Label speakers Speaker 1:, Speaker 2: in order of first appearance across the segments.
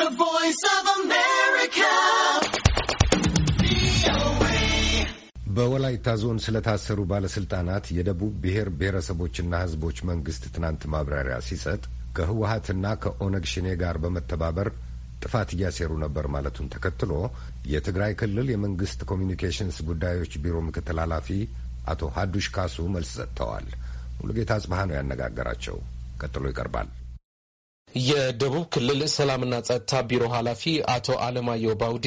Speaker 1: The Voice of America.
Speaker 2: በወላይታ ዞን ስለታሰሩ ባለስልጣናት የደቡብ ብሔር ብሔረሰቦችና ሕዝቦች መንግስት ትናንት ማብራሪያ ሲሰጥ ከህወሀትና ከኦነግ ሽኔ ጋር በመተባበር ጥፋት እያሴሩ ነበር ማለቱን ተከትሎ የትግራይ ክልል የመንግስት ኮሚኒኬሽንስ ጉዳዮች ቢሮ ምክትል ኃላፊ አቶ ሀዱሽ ካሱ መልስ ሰጥተዋል። ሙሉጌታ አጽባህ ነው ያነጋገራቸው። ቀጥሎ ይቀርባል።
Speaker 1: የደቡብ ክልል ሰላምና ጸጥታ ቢሮ ኃላፊ አቶ አለማየሁ ባውዲ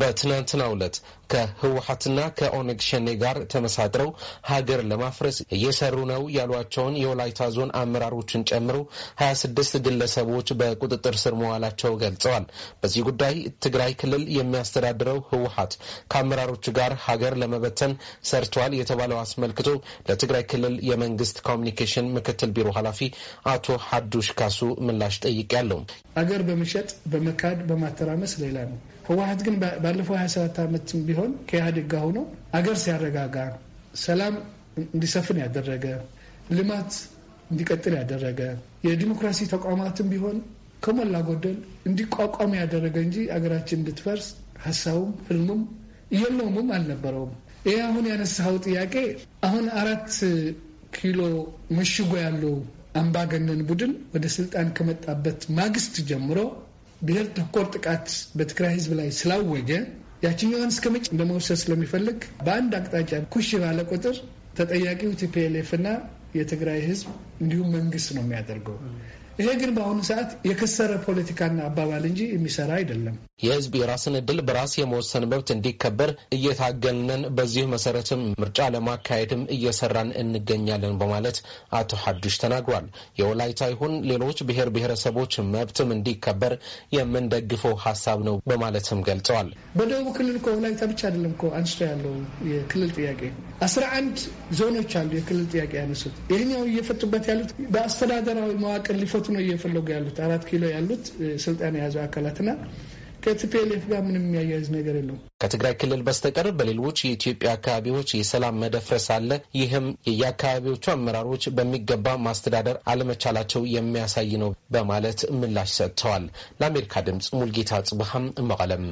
Speaker 1: በትናንትናው ዕለት ከህወሀትና ከኦነግ ሸኔ ጋር ተመሳጥረው ሀገር ለማፍረስ እየሰሩ ነው ያሏቸውን የወላይታ ዞን አመራሮችን ጨምሮ ሀያ ስድስት ግለሰቦች በቁጥጥር ስር መዋላቸው ገልጸዋል። በዚህ ጉዳይ ትግራይ ክልል የሚያስተዳድረው ህወሀት ከአመራሮቹ ጋር ሀገር ለመበተን ሰርተዋል የተባለው አስመልክቶ ለትግራይ ክልል የመንግስት ኮሚኒኬሽን ምክትል ቢሮ ኃላፊ አቶ ሀዱሽ ካሱ ምላሽ ጠይቄያለሁ። አገር በመሸጥ
Speaker 3: በመካድ በማተራመስ ሌላ ነው። ህወሀት ግን ባለፈው 27 ዓመት ቢሆን ከኢህአዴግ ጋር ሆኖ አገር ሲያረጋጋ ሰላም እንዲሰፍን ያደረገ ልማት እንዲቀጥል ያደረገ የዲሞክራሲ ተቋማትም ቢሆን ከሞላ ጎደል እንዲቋቋም ያደረገ እንጂ አገራችን እንድትፈርስ ሀሳቡም ህልሙም የለውምም አልነበረውም። ይህ አሁን ያነሳኸው ጥያቄ አሁን አራት ኪሎ መሽጎ ያለው አምባገነን ቡድን ወደ ስልጣን ከመጣበት ማግስት ጀምሮ ብሔር ተኮር ጥቃት በትግራይ ህዝብ ላይ ስላወጀ ያችኛዋን እስከ መጭ ለመውሰድ ስለሚፈልግ በአንድ አቅጣጫ ኩሽ ባለ ቁጥር ተጠያቂው ቲፒኤልኤፍ የትግራይ ህዝብ እንዲሁም መንግስት ነው የሚያደርገው። ይሄ ግን በአሁኑ ሰዓት የከሰረ ፖለቲካና አባባል እንጂ የሚሰራ አይደለም።
Speaker 1: የህዝብ የራስን እድል በራስ የመወሰን መብት እንዲከበር እየታገልነን፣ በዚሁ መሰረትም ምርጫ ለማካሄድም እየሰራን እንገኛለን በማለት አቶ ሀዱሽ ተናግሯል። የወላይታ ይሁን ሌሎች ብሔር ብሔረሰቦች መብትም እንዲከበር የምንደግፈው ሀሳብ ነው በማለትም ገልጸዋል።
Speaker 3: በደቡብ ክልል ወላይታ ብቻ አይደለም እኮ አንስቶ ያለው የክልል ጥያቄ አስራ አንድ ዞኖች አሉ የክልል ጥያቄ ያነሱት ይህኛው እየፈቱበት ያሉት በአስተዳደራዊ መዋቅር ሊፈ ሪፖርት ነው እየፈለጉ ያሉት አራት ኪሎ ያሉት ስልጣን የያዙ አካላትና ከቲፒኤልኤፍ ጋር ምንም የሚያያዝ ነገር የለውም።
Speaker 1: ከትግራይ ክልል በስተቀር በሌሎች የኢትዮጵያ አካባቢዎች የሰላም መደፍረስ አለ። ይህም የየአካባቢዎቹ አመራሮች በሚገባ ማስተዳደር አለመቻላቸው የሚያሳይ ነው በማለት ምላሽ ሰጥተዋል። ለአሜሪካ ድምጽ ሙልጌታ ጽብሃም መቀለም